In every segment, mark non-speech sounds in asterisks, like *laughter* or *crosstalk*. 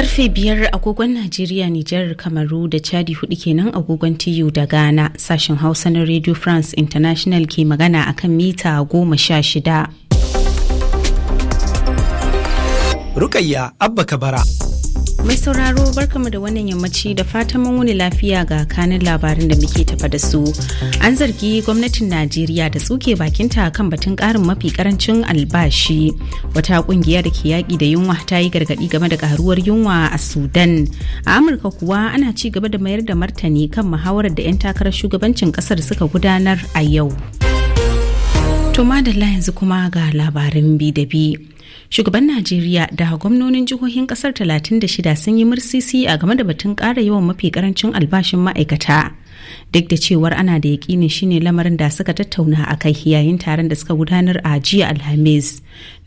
karfe biyar agogon najeriya nijar kamaru da chadi hudu kenan agogon tiyu da ghana sashen hausa na radio france international ke magana akan mita goma sha shida rukayya abba kabara Mai sauraro barkamu da wannan yammaci da fatan mun wuni lafiya ga kanin labarin da muke tafa da su. An zargi gwamnatin Najeriya da tsuke bakinta kan batun karin mafi karancin albashi. Wata kungiya da ke yaƙi da yunwa ta yi gargaɗi game da karuwar yunwa a Sudan. A Amurka kuwa ana ci gaba da mayar da martani kan muhawarar da 'yan takarar shugabancin ƙasar suka gudanar a yau. To madalla yanzu kuma ga labarin bi da bi. shugaban najeriya da gwamnonin jihohin kasar 36 sun yi mursisi a game da batun ƙara yawan mafi karancin albashin ma'aikata duk da cewar ana da yakinin shine lamarin da suka tattauna a kai yayin taron da suka gudanar a jiya alhamis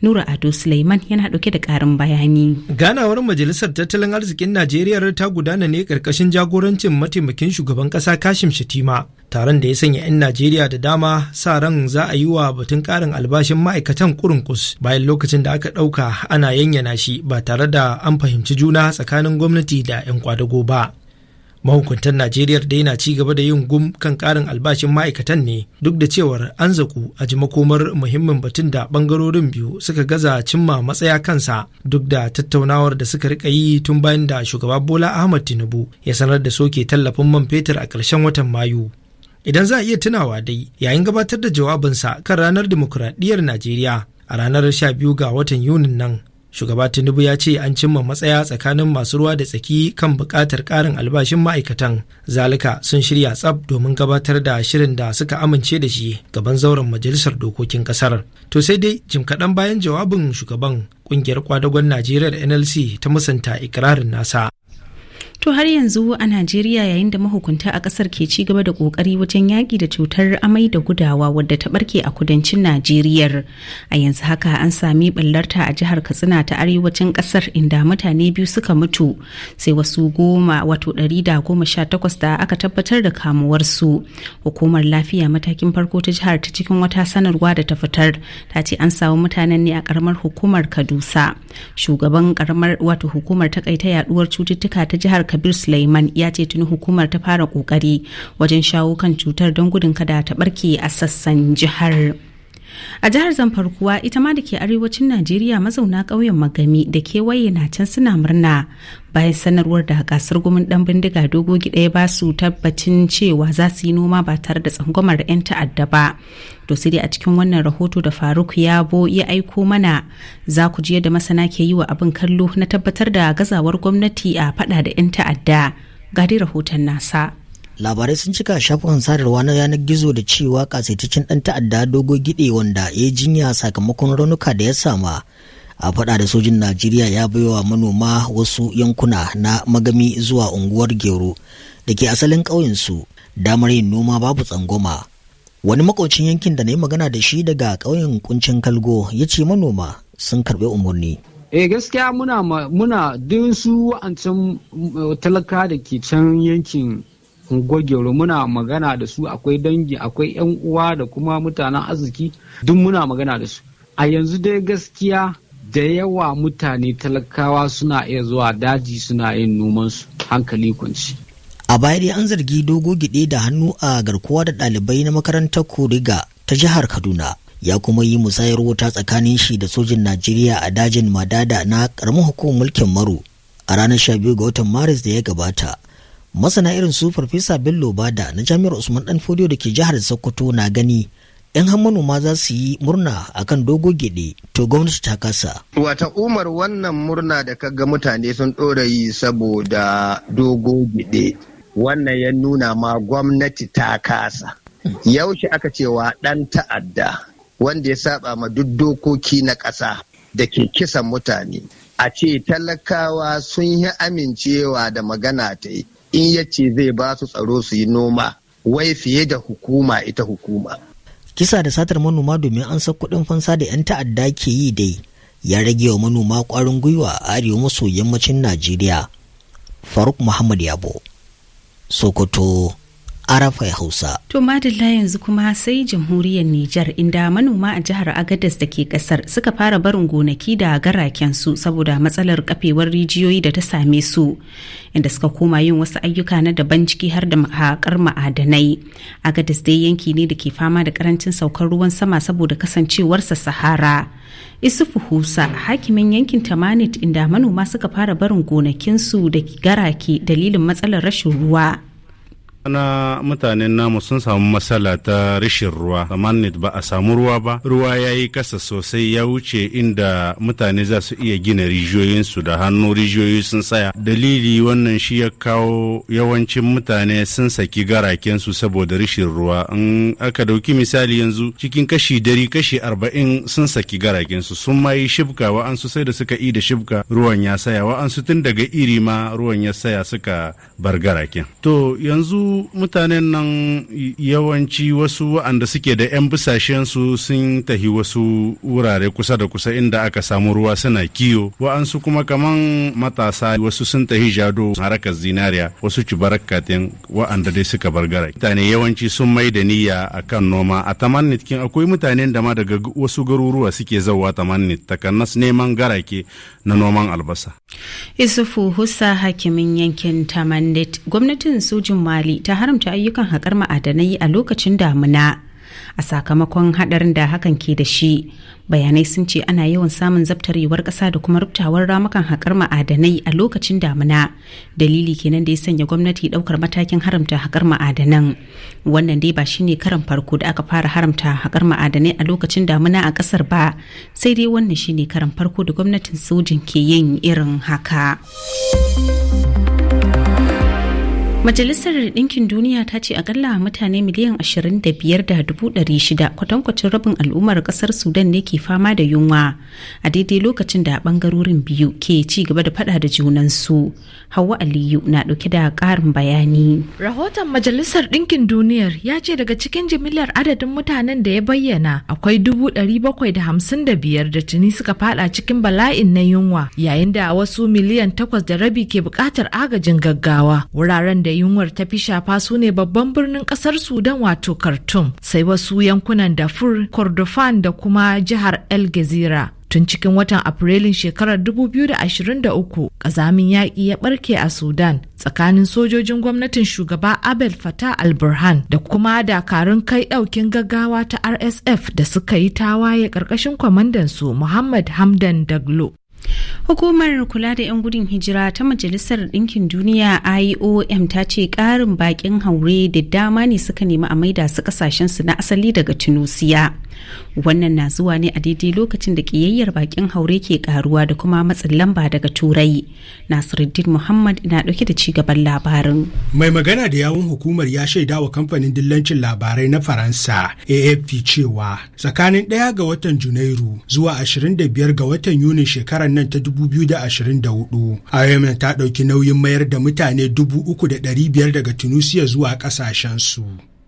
nura ado suleiman yana dauke da karin bayani ganawar majalisar tattalin arzikin najeriya ta gudana ne karkashin jagorancin mataimakin shugaban kasa kashim shatima taron da ya sanya 'yan najeriya da dama sa ran za a yi wa batun karin albashin ma'aikatan kurunkus bayan lokacin da aka ɗauka ana yanyana shi ba tare da an fahimci juna tsakanin gwamnati da 'yan kwadago ba mahukuntan najeriya da yana ci gaba da yin gum kan karin albashin ma'aikatan ne duk da cewar an zaku a ji makomar muhimmin batun da bangarorin biyu suka gaza cimma matsaya kansa duk da tattaunawar da suka rika yi tun bayan da shugaba bola ahmad tinubu ya sanar da soke tallafin man fetur a ƙarshen watan mayu Idan za a iya tunawa dai yayin gabatar da jawabinsa kan ranar dimokuraɗiyyar Najeriya a ranar 12 ga watan Yunin nan shugaba tinubu ya ce an cimma matsaya tsakanin masu ruwa da tsaki kan buƙatar ƙarin albashin ma'aikatan zalika sun shirya tsab domin gabatar da shirin da suka amince da shi gaban zauren majalisar dokokin ƙasar to sai dai jim kaɗan bayan jawabin shugaban ƙungiyar kwadagon najeriya da nlc ta musanta ikirarin nasa To har yanzu a Najeriya yayin da mahukunta a ƙasar ke ci gaba da ƙoƙari wajen yaƙi da cutar amai da gudawa wadda ta ɓarke a kudancin Najeriya. A yanzu haka an sami ballarta a jihar Katsina ta arewacin ƙasar inda mutane biyu suka mutu sai wasu goma wato ɗari da goma sha takwas da aka tabbatar da kamuwarsu. Hukumar lafiya matakin farko ta jihar ta cikin wata sanarwa da ta fitar ta ce an samu mutanen ne a karamar hukumar Kadusa. Shugaban karamar wato hukumar takaita yaɗuwar cututtuka ta jihar kabir suleiman ya ce tuni hukumar ta fara kokari wajen shawo kan cutar don gudun kada ta barke a sassan jihar. a jihar zamfar ita ma da ke arewacin najeriya mazauna ƙauyen magami da kewaye na can suna murna bayan sanarwar da gasar gumin ɗan bindiga dogo gidaya ba su tabbacin cewa za su yi noma ba tare da tsangwamar 'yan ta'adda ba to sai dai a cikin wannan rahoto da faruk yabo ya aiko mana za ku ji yadda masana ke yi wa abin kallo na tabbatar da gazawar gwamnati a faɗa da 'yan ta'adda ga rahoton nasa labarai sun cika shafukan sadarwa na yanar gizo da cewa kasaitaccen dan ta'adda dogo gide wanda ya jinya sakamakon raunuka da ya sama a faɗa da sojin najeriya ya baiwa manoma wasu yankuna na magami zuwa unguwar gero da ke asalin ƙauyensu damar yin noma babu tsangwama wani makocin yankin da na yi magana da shi daga ƙauyen kuncin kalgo ya ce manoma sun karɓi umarni eh gaskiya muna muna duk su eh, talaka da ke can yankin gogero muna magana da su akwai dangi akwai yan uwa da kuma mutanen arziki duk muna magana da su a yanzu dai gaskiya da yawa mutane talakawa suna iya zuwa daji suna yin nomansu hankali kunci a baya dai an zargi dogo gide da hannu a garkuwa da ɗalibai na makarantar kuriga ta jihar kaduna ya kuma yi musayar wuta tsakanin shi da sojin najeriya a dajin madada na ƙaramin hukumar mulkin maro a ranar 12 ga watan maris da ya gabata masana irin su farfesa bello bada na jami'ar usman dan fodiyo da ke jihar sokoto na gani yan manoma za su yi murna akan dogo gede to gwamnati ta kasa wata umar wannan murna da ka ga mutane sun ɗora yi saboda dogo gede wannan ya nuna ma gwamnati ta kasa yaushe aka cewa ɗan ta'adda wanda ya saba ma duk dokoki na ƙasa da ke kisan mutane a ce talakawa sun yi amincewa da magana ta yi in ya zai ba su tsaro su yi noma wai fiye da hukuma ita hukuma. Kisa da satar manoma domin an san kuɗin fansa da 'yan ta'adda ke yi dai ya rage wa manoma ƙwarin gwiwa a arewa maso yammacin Najeriya. Faruk Muhammad Yabo, Sokoto. arafai hausa to madalla yanzu kuma sai jamhuriyar nijar inda manoma a jihar agadas da ke kasar suka fara barin gonaki da garaken su saboda matsalar kafewar rijiyoyi da ta same su inda suka koma yin wasu ayyuka na daban ciki har da haƙar ma'adanai agadas dai yanki ne da ke fama da karancin saukar ruwan sama saboda kasancewarsa sahara isufu husa hakimin yankin tamanit inda manoma suka fara barin gonakinsu da garake dalilin matsalar rashin ruwa na mutanen namu sun samu matsala ta rashin ruwa samanit ba a samu ruwa ba ruwa ya yi kasa sosai ya wuce inda mutane za su iya gina rijiyoyinsu da hannu rijiyoyi sun saya dalili wannan shi ya kawo yawancin mutane sun saki garakensu saboda rashin ruwa in aka dauki misali yanzu cikin kashi dari kashi arba'in sun saki garakensu sun ma yi shibka wa'ansu sai da suka yi da shibka ruwan ya saya wa'ansu tun daga iri ma ruwan ya saya suka bar garaken to yanzu mutanen nan yawanci wasu waɗanda suke da 'yan bisashensu sun tahi wasu wurare kusa da kusa inda aka samu ruwa suna kiyo wa'ansu kuma kaman matasa wasu sun tahi jado harakar zinariya wasu cibar wa'anda dai suka bar gara mutane yawanci sun mai da niyya kan noma a kin akwai mutanen da ma daga wasu garuruwa suke zauwa tamannit takannas neman garake na noman albasa isufu husa hakimin yankin tamannit gwamnatin sojin mali ta haramta ayyukan haƙar ma'adanai a lokacin damuna a sakamakon haɗarin da hakan ke da shi bayanai sun ce ana yawan samun zabtarewar ƙasa da kuma ruptawar ramukan haƙar ma'adanai a lokacin damuna dalili kenan da ya sanya gwamnati ɗaukar matakin haramta haƙar ma'adanan wannan dai ba shine karan farko da aka fara haramta haƙar ma'adanai a lokacin damuna a ƙasar ba sai dai wannan shine karan farko da gwamnatin sojin ke yin irin haka. Majalisar Ɗinkin Duniya ta ce akalla mutane miliyan 25,600 kwatankwacin rabin al'ummar ƙasar Sudan ne ke fama da yunwa a daidai lokacin da ɓangarorin biyu ke ci gaba da faɗa da junansu. Hauwa Aliyu na ɗauke da ƙarin bayani. Rahoton Majalisar Ɗinkin Duniyar ya ce daga cikin jimillar adadin mutanen da ya bayyana akwai 755 da tuni suka faɗa cikin bala'in na yunwa yayin da wasu miliyan takwas da rabi ke buƙatar agajin gaggawa wuraren da yunwar ta fi shafa su ne babban birnin kasar Sudan wato Khartoum, sai wasu yankunan dafur Kordofan da kuma jihar El Gezira. Tun cikin watan Afrilun shekarar 2023, kazamin yaƙi ya ɓarke a Sudan tsakanin sojojin gwamnatin shugaba Abel fatah al-Burhan da kuma dakarun kai ɗaukin gaggawa ta RSF da suka yi tawaye ƙarƙashin kwamandansu Muhammad Hamdan Daglo. Hukumar kula da 'yan gudun hijira ta Majalisar Ɗinkin Duniya IOM ta ce ƙarin baƙin haure da dama ne suka nemi a maida su ƙasashensu na asali daga Tunusiya. Wannan na zuwa ne a daidai lokacin da ƙiyayyar baƙin haure ke ƙaruwa da kuma matsin lamba daga Turai. Nasiruddin Muhammad na ɗauke da cigaban labarin. Mai magana da yawun hukumar ya shaida wa kamfanin dillancin labarai na Faransa AFP cewa tsakanin ɗaya ga watan Junairu zuwa 25 ga watan Yunin shekarar nan ta 2024 imf ta ɗauki nauyin mayar da mutane 3,500 daga tunisia zuwa ƙasashensu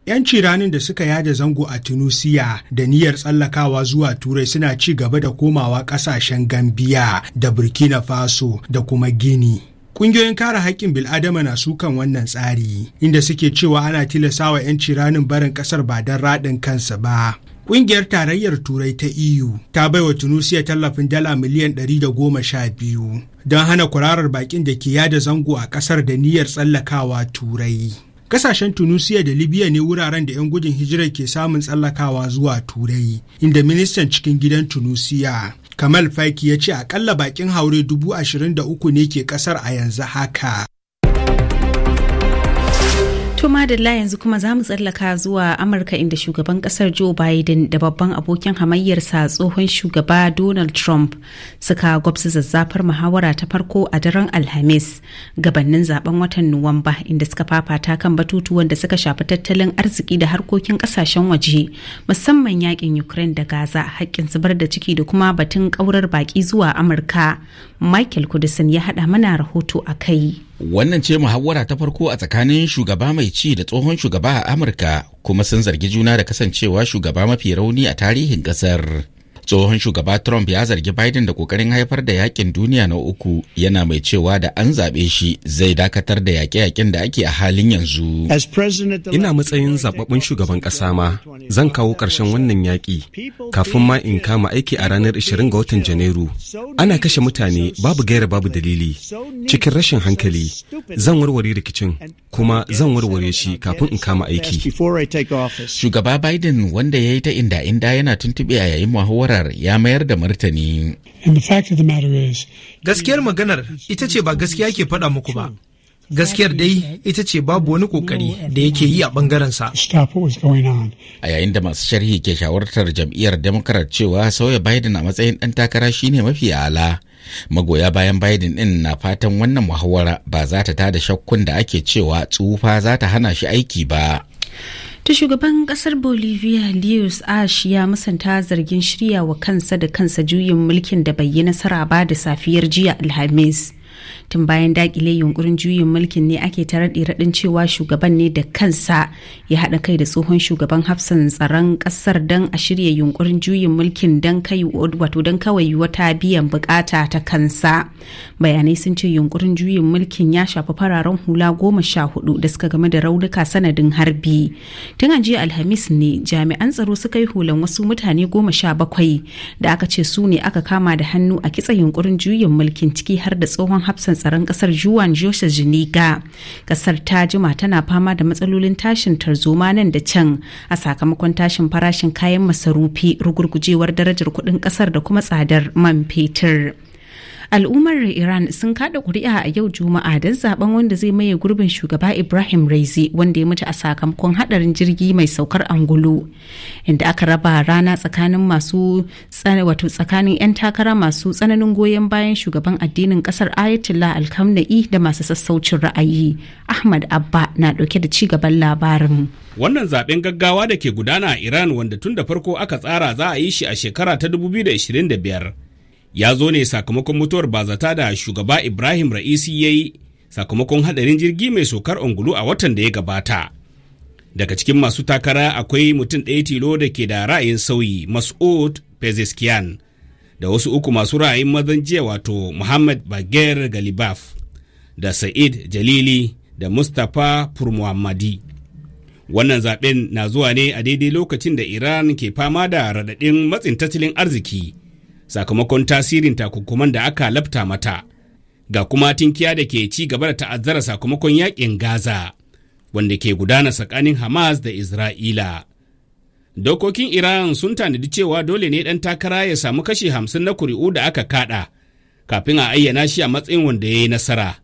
yanci ranin da suka yada zango a tunisia da niyyar tsallakawa zuwa turai suna ci gaba da komawa ƙasashen gambia da burkina faso da kuma gini Ƙungiyoyin kare haƙƙin bil'adama na sukan wannan tsari, inda suke cewa ana tilasawa 'yanci ranin barin ƙasar ba don raɗin kansa ba. Ƙungiyar Tarayyar Turai ta EU ta baiwa Tunusiya tallafin dala miliyan 112 don hana kwararar bakin da ke yada zango a ƙasar da niyyar tsallakawa Turai. Kasashen Tunusiya da Libya ne wuraren da 'yan gudun hijirar ke samun tsallakawa zuwa Turai, inda ministan cikin gidan Tunusiya Kamal Faki ya ce akalla bakin haure dubu ashirin da uku ne ke kasar a yanzu haka. To madalla yanzu kuma za mu tsallaka zuwa Amurka inda shugaban kasar Joe Biden da babban abokin hamayyarsa tsohon shugaba Donald Trump suka gwabsa zazzafar muhawara ta farko a daren Alhamis gabanin zaben watan Nuwamba inda suka fafata kan batutuwan da suka shafi tattalin arziki da harkokin kasashen waje musamman yakin Ukraine da Gaza haƙƙin zubar da ciki da kuma batun ƙaurar baki zuwa Amurka. Michael Kudisin ya haɗa mana rahoto a kai. Wannan ce muhawara ta farko a tsakanin shugaba mai ci da tsohon shugaba a Amurka kuma sun zargi juna da kasancewa shugaba mafi rauni a tarihin ƙasar. tsohon shugaba trump ya zargi biden da kokarin haifar da yakin duniya na uku yana mai cewa da an zaɓe shi zai dakatar da yaƙe-yaƙen da ake a halin yanzu ina matsayin zaɓaɓɓen shugaban ƙasa ma zan kawo ƙarshen wannan yaƙi kafin ma in kama aiki a ranar 20 ga watan janairu ana kashe mutane babu gaira babu dalili cikin rashin hankali zan warware rikicin kuma zan warware shi kafin in kama aiki shugaba biden wanda ya yi ta inda inda yana tuntuɓe a yayin muhawarar ziyarar ya mayar da martani. Gaskiyar maganar ita ce ba gaskiya ke faɗa muku ba. gaskiyar dai ita ce babu wani kokari da yake yi a bangarensa. A yayin da masu sharhi ke shawartar jam'iyyar Democrat cewa sauya Biden a matsayin ɗan takara shine mafi ala. Magoya bayan Biden ɗin na fatan wannan muhawara ba za ta tada shakkun da ake cewa tsufa za ta hana shi aiki ba. ta shugaban kasar bolivia leos ash ya musanta zargin shirya wa kansa da kansa juyin mulkin da bai yi nasara ba da safiyar jiya alhamis tun bayan dakile yunkurin juyin mulkin ne ake ta raɗe raɗin cewa shugaban ne da kansa ya haɗa kai da tsohon shugaban hafsan tsaron ƙasar don a shirya yunkurin juyin mulkin don kai wato don kawai wata biyan bukata ta kansa bayanai sun ce yunkurin juyin mulkin ya shafi fararen hula goma sha hudu da suka game da raunuka sanadin harbi tun a jiya alhamis ne jami'an tsaro suka yi hulan wasu mutane goma sha bakwai da aka ce su ne aka kama da hannu a kitsa yunkurin juyin mulkin ciki har da tsohon hafsan hafsan tsaron kasar juan joshua jiniga kasar ta jima tana fama da matsalolin tashin tarzoma nan da can a sakamakon tashin farashin kayan masarufi rugurgujewar darajar kudin kasar da kuma tsadar man fetur. al'ummar iran sun kada kuri'a a yau juma'a don zaben wanda zai maye gurbin shugaba ibrahim raizi wanda ya mutu a sakamakon hadarin jirgi mai saukar angulu inda aka raba rana tsakanin masu wato tsakanin 'yan takara masu tsananin goyon bayan shugaban addinin kasar ayatollah alkamna'i da masu sassaucin ra'ayi ahmad abba na dauke da ci gaban labarin wannan zaben gaggawa da ke gudana a iran wanda tun da farko aka tsara za a yi shi a shekara ta 2025 ya zo ne sakamakon mutuwar bazata da shugaba Ibrahim Ra'isi ya yi sakamakon hadarin jirgi mai sokar ungulu a watan da ya gabata. Daga cikin masu takara akwai mutum ɗaya tilo da ke da ra'ayin sauyi Mas'ud Pezeskian da wasu uku masu ra'ayin mazan jiya wato Muhammad Bager Galibaf da Sa'id Jalili da Mustapha Purmuhammadi. Wannan zaɓen na zuwa ne a daidai lokacin da Iran ke fama da raɗaɗin matsin tattalin arziki. sakamakon tasirin takunkuman da aka lafta mata ga kuma tinkiya da ke ci gaba da ta'azzara sakamakon yakin gaza wanda ke gudana tsakanin hamas da isra'ila dokokin iran sun tanadi cewa dole ne ɗan takara ya samu kashi hamsin na kuri'u da aka kada kafin a ayyana shi a matsayin wanda ya yi nasara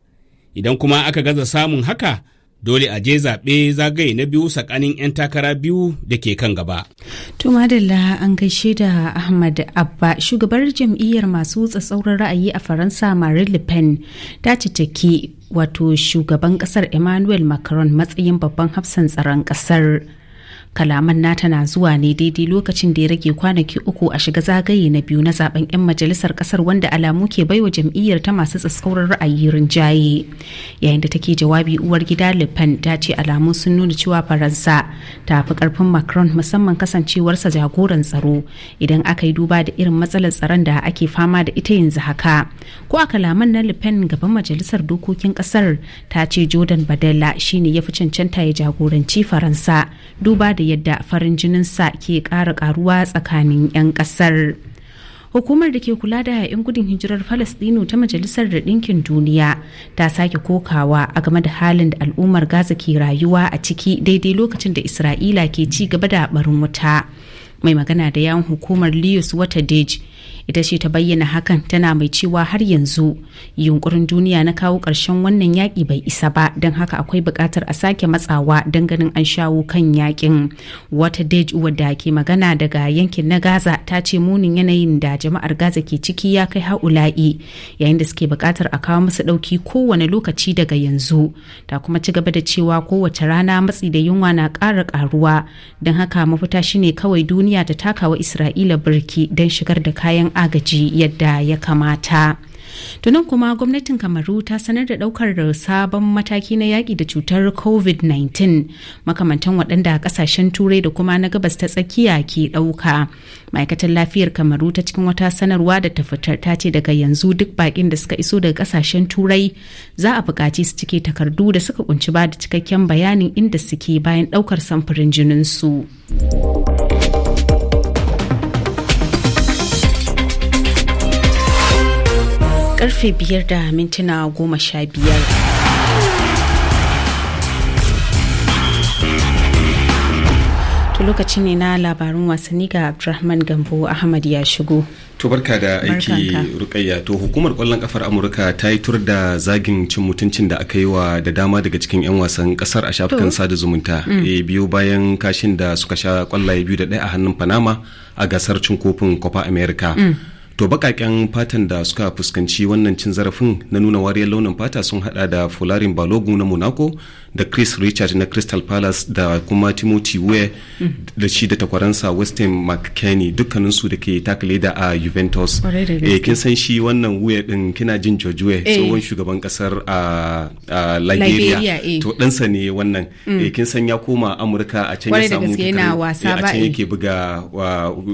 idan kuma aka gaza samun haka dole a je zaɓe zagaye na biyu tsakanin 'yan takara biyu da ke kan gaba. To Madalla an gaishe da Ahmad Abba shugabar jam'iyyar masu tsatsauran ra'ayi a Faransa Marie Le Pen ta citaki wato shugaban ƙasar Emmanuel Macron matsayin babban hafsan tsaron ƙasar. kalaman na tana zuwa ne daidai lokacin da ya rage kwanaki uku a shiga zagaye na biyu na zaben 'yan majalisar kasar wanda alamu ke baiwa jam'iyyar ta masu tsatsauran ra'ayi rinjaye yayin da take jawabi uwar gida le pen ta ce alamu sun nuna cewa faransa ta fi karfin macron musamman kasancewarsa jagoran tsaro idan aka yi duba da irin matsalar tsaron da ake fama da ita yanzu haka ko a kalaman na le pen gaban majalisar dokokin kasar ta ce jordan badella shine ya fi cancanta ya jagoranci faransa duba da da yadda farin jininsa ke ƙara ƙaruwa tsakanin 'yan ƙasar. hukumar da ke kula da 'yan gudun hijirar Falastinu ta majalisar da ɗinkin duniya ta sake kokawa a game da halin da al'ummar gaza ke rayuwa a ciki daidai lokacin da isra'ila ke ci gaba da barin wuta mai magana da yawon hukumar lius waterdage ita ce ta bayyana hakan tana mai cewa har yanzu yunkurin duniya na kawo ƙarshen wannan yaƙi bai isa ba don haka akwai buƙatar a sake matsawa don ganin an shawo kan yaƙin wata dej wadda ke magana daga yankin na gaza ta ce munin yanayin da jama'ar gaza ke ciki ya kai haula'i yayin da suke buƙatar a kawo musu ɗauki kowane lokaci daga yanzu ta kuma ci gaba da cewa kowace rana matsi da yunwa na ƙara ƙaruwa don haka mafita shine kawai duniya ta takawa isra'ila birki don shigar da kayan agaji yadda ya kamata. tunan kuma gwamnatin kamaru ta sanar da daukar sabon mataki na yaƙi da cutar covid-19 makamantan waɗanda ƙasashen turai da kuma na gabas ta tsakiya ke ɗauka ma'aikatar lafiyar kamaru ta cikin wata sanarwa da ta fitar ta ce daga yanzu duk baƙin da suka iso daga ƙasashen turai za a buƙaci su cike takardu da suka kunci ba da cikakken bayanin inda suke bayan ɗaukar samfurin jininsu. su karfe biyar da mintuna goma sha biyar. lokaci ne na labarin wasanni ga abdulrahman gambo ahmad ya shigo to barka da aiki rukayya to hukumar kwallon kafar amurka ta yi tur da zagin cin mutuncin da aka yi wa da dama daga cikin 'yan wasan kasar a shafukan sada zumunta e biyo bayan kashin da suka sha kwallaye biyu da ɗaya a hannun panama a gasar cin kofin copa america mm. to bakaken fatan da suka fuskanci wannan cin zarafin na nuna wariyar launin fata sun hada da folarin balogu na monaco da chris richard na crystal palace da kuma timothy weah da shi da takwaransa weston mckinney dukkaninsu da ke takale da a juventus eh kin san shi wannan weah din kina jin george weah eh. tsohon shugaban kasar a liberia eh. to ɗansa ne wannan mm. eh, kin san ya koma amurka a can ya samu a can yake buga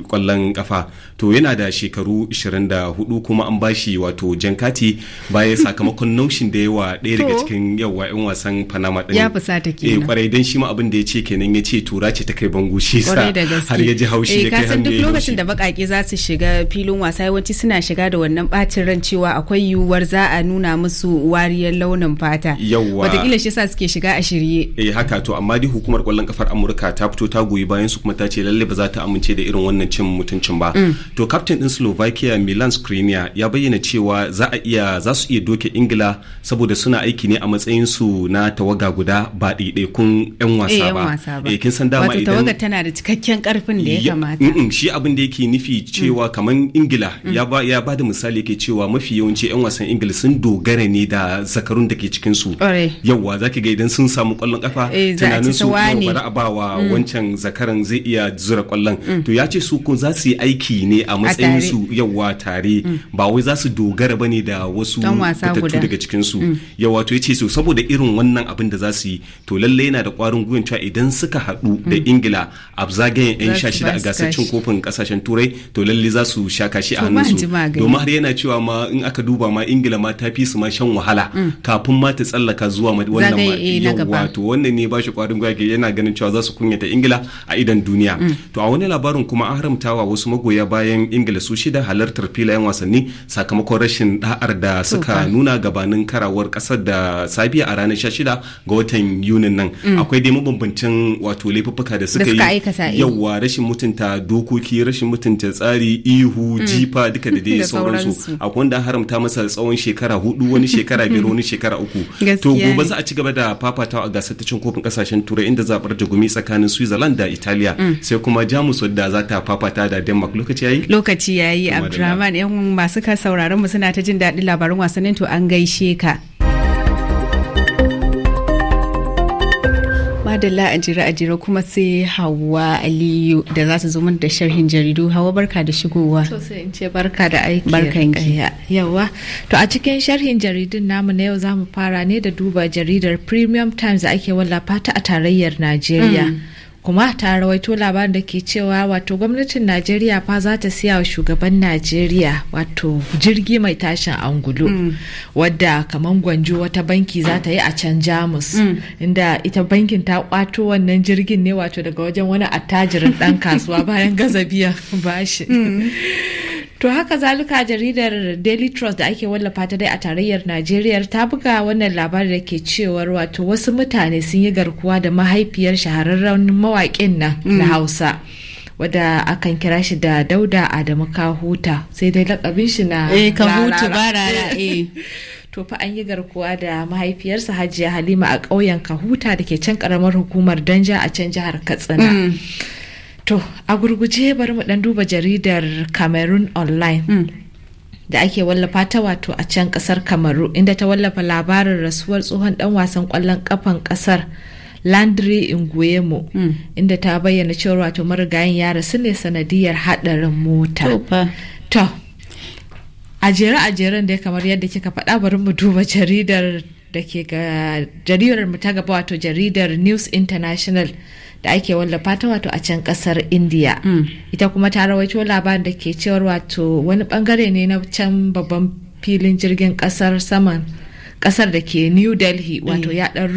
kwallon kafa to yana da shekaru 24 kuma an bashi wato jankati baya sakamakon naushin da yawa ɗaya daga cikin yawa 'yan wasan panama din ya fusata kenan eh kwarai dan shi ma abin da ya ce kenan ya ce tura ce ta kai bango shi sa har ya ji haushi eh, ya kai hannu duk lokacin da bakake za su shiga filin wasa yawanci suna shiga da wannan bacin ran cewa akwai yiwuwar za a nuna musu wariyar launin fata yawa wataƙila shi sa suke shiga a shirye eh haka to amma dai hukumar kwallon kafar amurka ta fito ta goyi bayan su kuma ta ce lalle ba za ta amince da irin wannan cin mutuncin ba mm. to captain din slovakia milan skriniar ya bayyana cewa za a iya za su iya doke ingila saboda suna aiki ne a matsayin su na tawaga guda ba ɗaiɗaikun 'yan eh, wasa ba. Eh, kin san dama idan wato tana da cikakken karfin da ya kamata. Mm, mm, shi abin da yake nufi mm. cewa kamar Ingila ya ba da misali yake cewa mafi yawanci 'yan wasan Ingila sun dogara ne da zakarun da ke cikin su. Yawwa zaki ga idan sun samu kwallon kafa eh, tunanin su bari a bawa wancan zakaran zai iya zura kwallon. To ya ce su ko za su yi aiki ne a matsayin su yawwa tare ba wai za su dogara bane da wasu fitattu daga cikin su. Yawwa to ya ce so saboda irin wannan abin da za za su yi to lalle yana da kwarin gwiwa cewa idan suka haɗu da hmm. ingila a zagayen yan sha shida a gasashen kofin kasashen turai to lalle za su sha kashi a hannun su domin har yana cewa ma in aka duba ma ingila ma ta fi su ma shan wahala hmm. kafin ma ta tsallaka zuwa wannan yawwa to wannan ne ba shi kwarin gwiwa yana ganin cewa za su kunyata ingila a idan duniya hmm. to a wani labarin kuma an haramtawa wasu magoya bayan ingila su shida halartar filayen wasanni sakamakon rashin da'ar da suka nuna gabanin karawar kasar da sabiya a ranar 16 ga watan yunin nan mm. akwai dai mabambancin wato laifuffuka da suka yi eh. yawa rashin mutunta dokoki rashin mutunta tsari ihu mm. jifa duka da *laughs* dai sauransu akwai wanda haramta masa tsawon shekara hudu wani shekara biyar wani shekara uku *laughs* to gobe za a ci gaba da fafatawa a gasar ta cin kofin kasashen turai inda zabar jagumi tsakanin switzerland da italiya mm. sai kuma jamus wadda za ta fafata da denmark lokaci yayi lokaci yayi abdurrahman yan masu ka sauraron mu suna ta jin daɗin labarin wasannin to an gaishe ka madalla a jira a jira kuma sai hawa aliyu da za su zo da sharhin jaridu hawa barka da shigowa sai in ce barka da aiki barkan yawa to a cikin sharhin jaridun namu na yau za mu fara ne da duba jaridar premium times da ake wallafa ta a tarayyar najeriya mm. kuma ta rawaito labarin da ke cewa wato gwamnatin najeriya fa za ta siya wa shugaban najeriya wato jirgi mai tashin angulu mm. wadda kamar gwanjo wata banki za ta yi a can jamus mm. inda ita bankin ta kwato wannan jirgin ne wato daga wajen wani attajirin dan kasuwa bayan gaza biyan bashi mm. *laughs* To haka zalika jaridar Daily Trust da ake wallafa ta dai a tarayyar Najeriya ta buga wannan labarin da ke cewar wato wasu mutane sun yi garkuwa da mahaifiyar shahararren mawaƙin nan na mm. Hausa. wadda akan kira shi da dauda adamu kahuta sai dai lakabin shi na eh kahuta barara *laughs* eh to fa an yi garkuwa da mahaifiyarsa hajiya halima a ƙauyen kahuta da ke can karamar hukumar danja a can jihar katsina mm. to a gurguje bari mu ɗan duba jaridar cameroon online mm. da ake wallafa ta wato a can ƙasar kamaru inda ta wallafa labarin rasuwar tsohon ɗan wasan kwallon ƙafan ƙasar landry nguemo mm. inda ta bayyana cewa wato marigayin ya su ne sanadiyar hadarin mota to a jere a jeren da kamar yadda kika faɗa bari mu duba jaridar da ke ga jaridar mu ta gaba wato jaridar news international da ake wallafa ta wato a can kasar india mm. ita kuma ta rawaito labarin da ke cewar wato wani bangare ne na can babban filin jirgin kasar saman kasar da ke new delhi wato mm. ya dan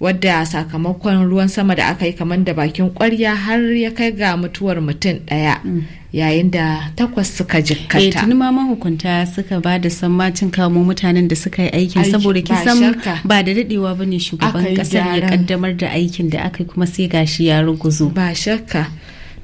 wadda sakamakon ruwan sama da aka yi kamar da bakin kwarya har ya kai ga mutuwar mutum ɗaya mm. yayin da takwas suka jikkata. Eh tuni ma mahukunta suka ba da sammacin kamo mutanen da suka yi aikin saboda kisan ba da dadewa ne shugaban kasar ya kaddamar da aikin da aka yi kuma sai gashi ya ruguzo. Ba shakka.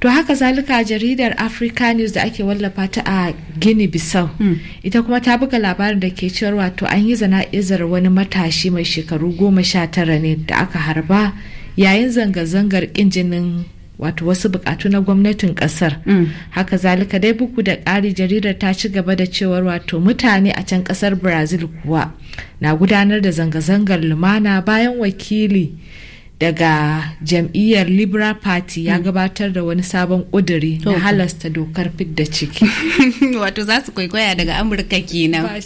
to haka zalika jaridar africa news da ake wallafa ta a gini bissau hmm. ita kuma ta buga labarin da ke cewar wato an yi zana'izar wani matashi mai shekaru goma sha tara ne da aka harba yayin zanga-zangar kin jinin wato wasu bukatu na gwamnatin kasar hmm. haka zalika dai buku da ƙari jaridar ta ci gaba da cewar wato mutane a can kasar brazil kuwa na gudanar da zanga-zangar lumana bayan wakili daga jam'iyyar liberal party ya hmm. gabatar da wani sabon kuduri na halasta dokar fidda ciki *laughs* wato za su kwaikwaya daga amurka kenan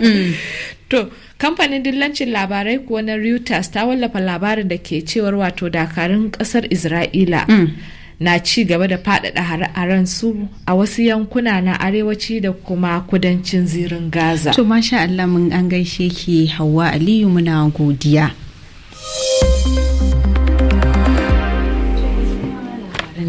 hmm. *laughs* to kamfanin dillancin labarai kuwa na reuters ta wallafa labarin da ke cewar wato dakarun kasar isra'ila hmm. na ci gaba da faɗaɗa hare-haren su a wasu yankuna na arewaci da kuma kudancin zirin Gaza. To masha Allah mun an gaishe ki Hauwa Aliyu muna godiya.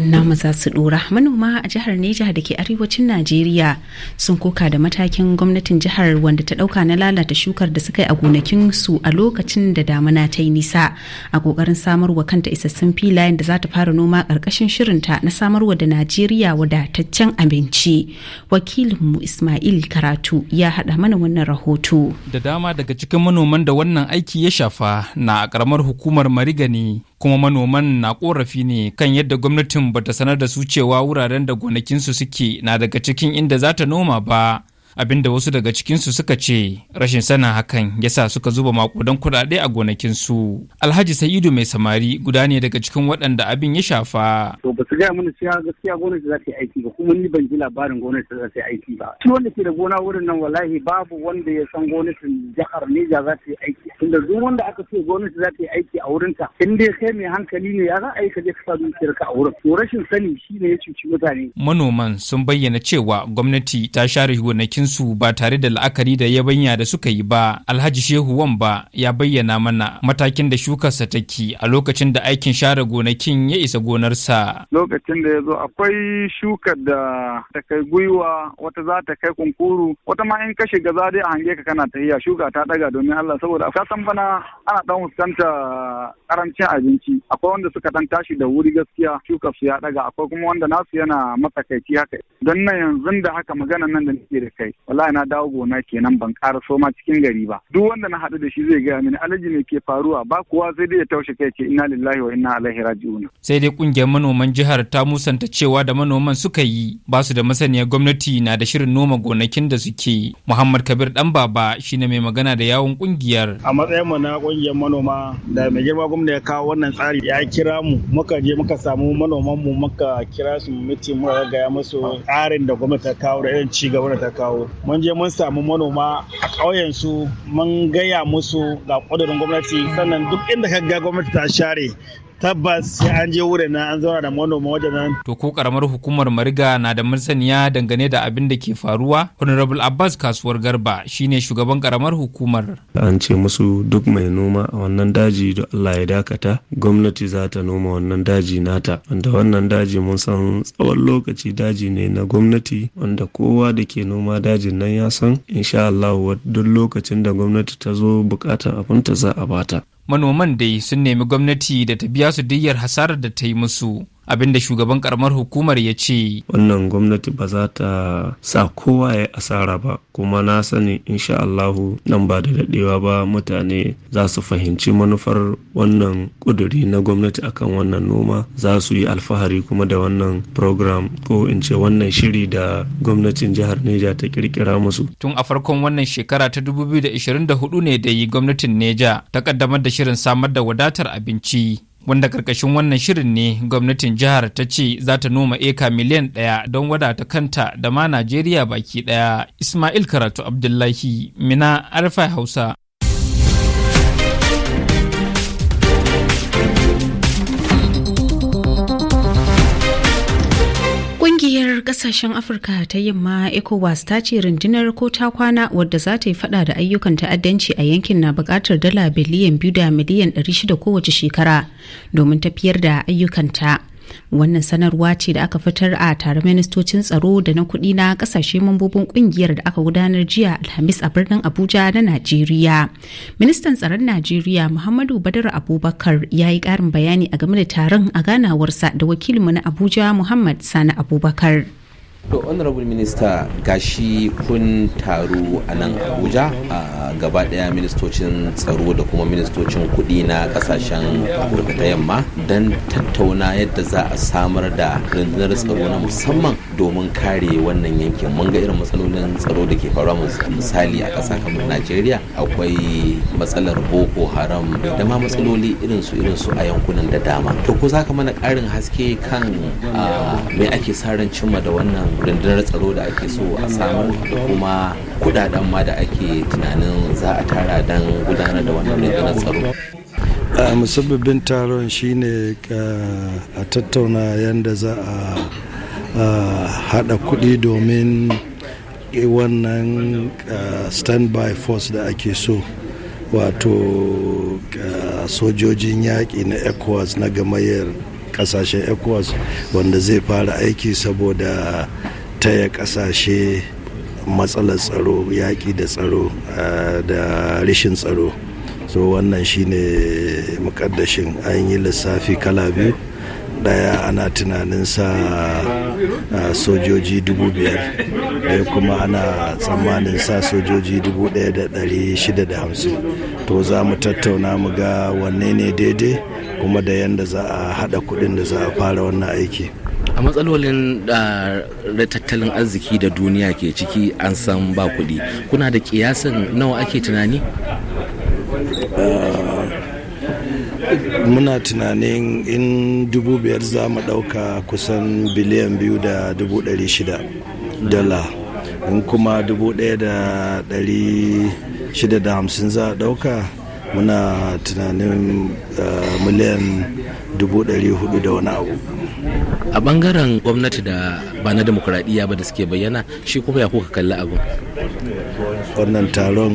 namu za su dora manoma a jihar neja da ke arewacin najeriya sun koka da matakin gwamnatin jihar wanda ta dauka na lalata shukar da suka yi a gonakin su a lokacin da damana ta yi nisa a kokarin samarwa kanta isassun filayen da za ta fara noma karkashin shirinta na samarwa da najeriya wadataccen abinci wakilinmu ismail karatu ya hada mana wannan rahoto da dama daga cikin manoman da wannan aiki ya shafa na a karamar hukumar marigani kuma manoman na korafi ne kan yadda gwamnatin bata sanar da su cewa wuraren da gonakinsu suke na daga cikin inda za ta noma ba Abin da wasu daga cikinsu suka ce rashin sanin hakan sa suka zuba makudan kuɗaɗe a gonakinsu alhaji sa'idu mai samari guda ne daga cikin waɗanda abin ya shafa to ba su gaya mana cewa gaskiya gwamnati za ta yi aiki ba kuma ni ban ji labarin gwamnati za ta yi aiki ba shi wanda ke da gona wurin nan wallahi babu wanda ya san gwamnatin jihar Neja za ta yi aiki tunda duk wanda aka ce gwamnati za ta yi aiki a wurin ta in dai kai mai hankali ne ya za a yi ka je ka sa a wurin to rashin sani shine ya cuci mutane manoman sun bayyana cewa gwamnati ta share gonakin su ba tare da la'akari da yabanya da suka yi ba alhaji shehu wamba ya bayyana mana matakin da shukarsa take a lokacin da aikin share gonakin ya isa gonarsa lokacin da ya zo akwai shukar da ta kai gwiwa wata za ta kai kunkuru wata ma in ka shiga za dai a hange ka kana tahiya shuka ta daga domin Allah saboda ka san bana ana dan fuskanta karancin abinci akwai wanda suka dan tashi da wuri gaskiya shukar su ya daga akwai kuma wanda nasu yana matsakaici haka don na yanzu da haka magana nan da nake da kai wallahi na dawo gona kenan ban ƙara soma cikin gari ba duk wanda na haɗu da shi zai gaya mini alaji ne ke faruwa ba kowa sai dai ya taushe kai ce inna lillahi wa inna ilaihi raji'un sai dai kungiyar manoman jihar ta musanta cewa da manoman suka yi ba su da masaniyar gwamnati na da shirin noma gonakin da suke muhammad kabir dan baba shine mai magana da yawun kungiyar a matsayin mu na kungiyar manoma da mai girma gwamnati ya kawo wannan tsari ya kira mu muka je muka samu manoman mu muka kira su mutum muka gaya musu tsarin da gwamnati ta kawo da irin ci gaba da ta kawo mun je mun samu manoma a ƙauyen su mun gaya musu ga ƙudurin gwamnati sannan duk inda ka ga gwamnati ta share tabbas sai an je wurin nan an zauna da manoma wajen nan. To ko karamar hukumar Mariga na da masaniya dangane da abin da ke faruwa? Honorable Abbas Kasuwar Garba shine shugaban karamar hukumar. An ce musu duk mai noma a wannan daji da Allah ya dakata gwamnati za ta noma wannan daji nata. Wanda wannan daji mun san tsawon lokaci daji ne na gwamnati wanda kowa da ke noma dajin nan ya san insha Allah duk lokacin da gwamnati ta zo bukatar abinta za a bata. manoman dai sun nemi gwamnati da ta biya su diyyar hasarar da ta yi musu Abin da shugaban karamar hukumar ya ce wannan gwamnati ba za ta sa kowa ya asara ba kuma na sani insha Allahu nan ba da dadewa ba mutane za su fahimci manufar wannan kuduri na gwamnati akan wannan noma za su yi alfahari kuma da wannan program ko in ce wannan shiri da gwamnatin jihar Neja ta kirkira musu tun a farkon wannan shekara ta 2024 ne da yi gwamnatin Neja ta kaddamar da shirin samar da wadatar abinci wanda karkashin wannan shirin ne gwamnatin jihar ta ce za ta noma eka miliyan ɗaya don wadata kanta da ma najeriya baki ɗaya ismail karatu abdullahi mina arfa hausa kasashen ƙasashen Afirka ta yamma ECOWAS ta ce rundunar ko ta kwana wadda za ta yi fada da ayyukan ta'addanci a yankin na bukatar dala biliyan biyu da miliyan 600 kowace shekara domin tafiyar da ayyukanta. Wannan sanarwa ce da aka fitar a taron ministocin tsaro da na kuɗi na ƙasashe mambobin ƙungiyar da aka gudanar jiya Alhamis a birnin Abuja na Najeriya. Ministan tsaron Najeriya Muhammadu Badar Abubakar ya yi ƙarin bayani a game da taron a ganawarsa da wakilinmu na Abuja Muhammad Sani Abubakar. to honorable minister gashi kun taru a nan abuja a gaba daya ministocin tsaro da kuma ministocin kudi na kasashen afirka ta yamma don tattauna yadda za a samar da rundunar tsaro na musamman domin kare wannan yankin mun ga irin matsalolin tsaro da ke faruwa misali a ƙasa kamar najeriya akwai matsalar boko haram da ma matsaloli irin su irin su a yankunan da dama to ko za ka mana ƙarin haske kan ah, me ake sa ran cimma da wannan rundunar tsaro da ake so a samu da kuma kudaden ma da ake tunanin za a tara don gudanar da wannan rundunar tsaro musabbabin taron shine a tattauna yadda za a hada kudi domin wannan standby force da ake so wato sojojin yaƙi na ecowas na gamayyar kasashen ecowas wanda zai fara aiki saboda taya kasashe matsalar tsaro yaƙi da tsaro eh, da rashin tsaro so wannan shine mukaddashin an yi lissafi kala biyu daya ana tunanin sa sojoji dubu biyar da kuma ana tsammanin sa sojoji dubu ɗaya da ɗari shida da hamsin to za mu tattauna mu ga wanne ne daidai kuma da yadda za a haɗa kuɗin da za a fara wannan aiki a matsalolin da tattalin arziki da duniya ke ciki an san ba kuɗi kuna da kiyasin nawa ake tunani muna tunanin in dubu biyar za mu ɗauka kusan biliyan biyu da dubu ɗari shida dala in kuma dubu ɗaya da ɗari shida da hamsin za a ɗauka muna tunanin eh, miliyan dubu ɗari hudu da wani abu a bangaren gwamnati da ba na demokuraɗiyya ba da suke bayyana shi kuma ya kuka kalli abu wannan taron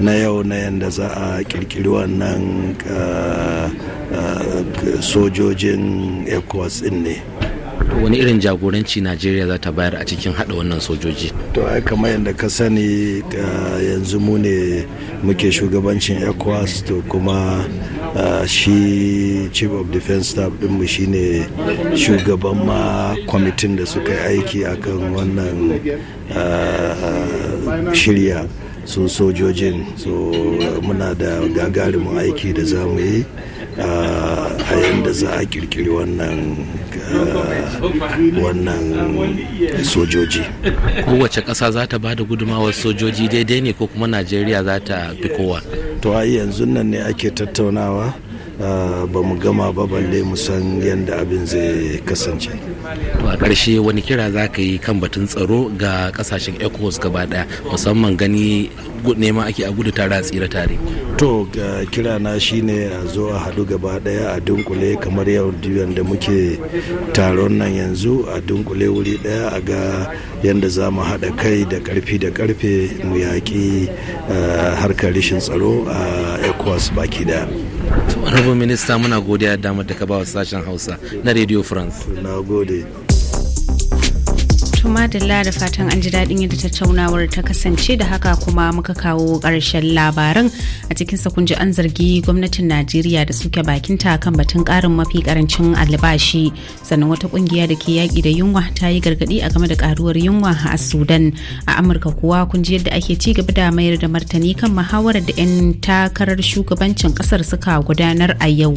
na yau na yadda za a kirkiri wannan eh, eh, sojojin ecowas din ne wani irin jagoranci najeriya za ta bayar a cikin hada wannan sojoji to ai kamar yadda ka sani eh, yanzu mu ne muke shugabancin ecowas to kuma shi chief of defense staff dinmu shine shugaban ma kwamitin da suka yi aiki akan wannan shirya su sojojin su muna da gagarumin aiki da za mu yi a yadda za a kirkiri wannan wannan sojoji kowace ƙasa za ta ba da gudumawar sojoji daidai ne ko kuma najeriya za ta fi kowa to a yanzu nan ne ake tattaunawa Ah, ba mu gama ba balle mu san yadda abin zai kasance to a ƙarshe wani kira za ka yi kan batun tsaro ga ƙasashen ecowas gaba daya musamman gani nema ake a gudu tare a tsira tare to ga kira na ne a zo a haɗu gaba daya a dunkule kamar yau da muke taron nan yanzu a dunkule wuri ɗaya a ga yadda za mu haɗa kai da ƙarfi da ƙarfe mu yaƙi ah, harkar rashin tsaro a ecowas baki ɗaya. honorable minista muna godiya da damar da ka ba wa sashen hausa na radio france na gode To madalla da fatan an ji daɗin yadda tattaunawar ta kasance da haka kuma muka kawo ƙarshen labaran a cikin kun ji an zargi gwamnatin Najeriya da suke bakin ta kan batun ƙarin mafi ƙarancin albashi sannan wata ƙungiya da ke yaki da yunwa ta yi gargaɗi a game da ƙaruwar yunwa a Sudan a Amurka kuwa kun ji yadda ake ci gaba da mayar da martani kan muhawarar da 'yan takarar shugabancin ƙasar suka gudanar a yau.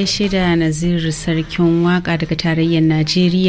gaishe da Naziru Sarkin Waka daga tarayyar Najeriya.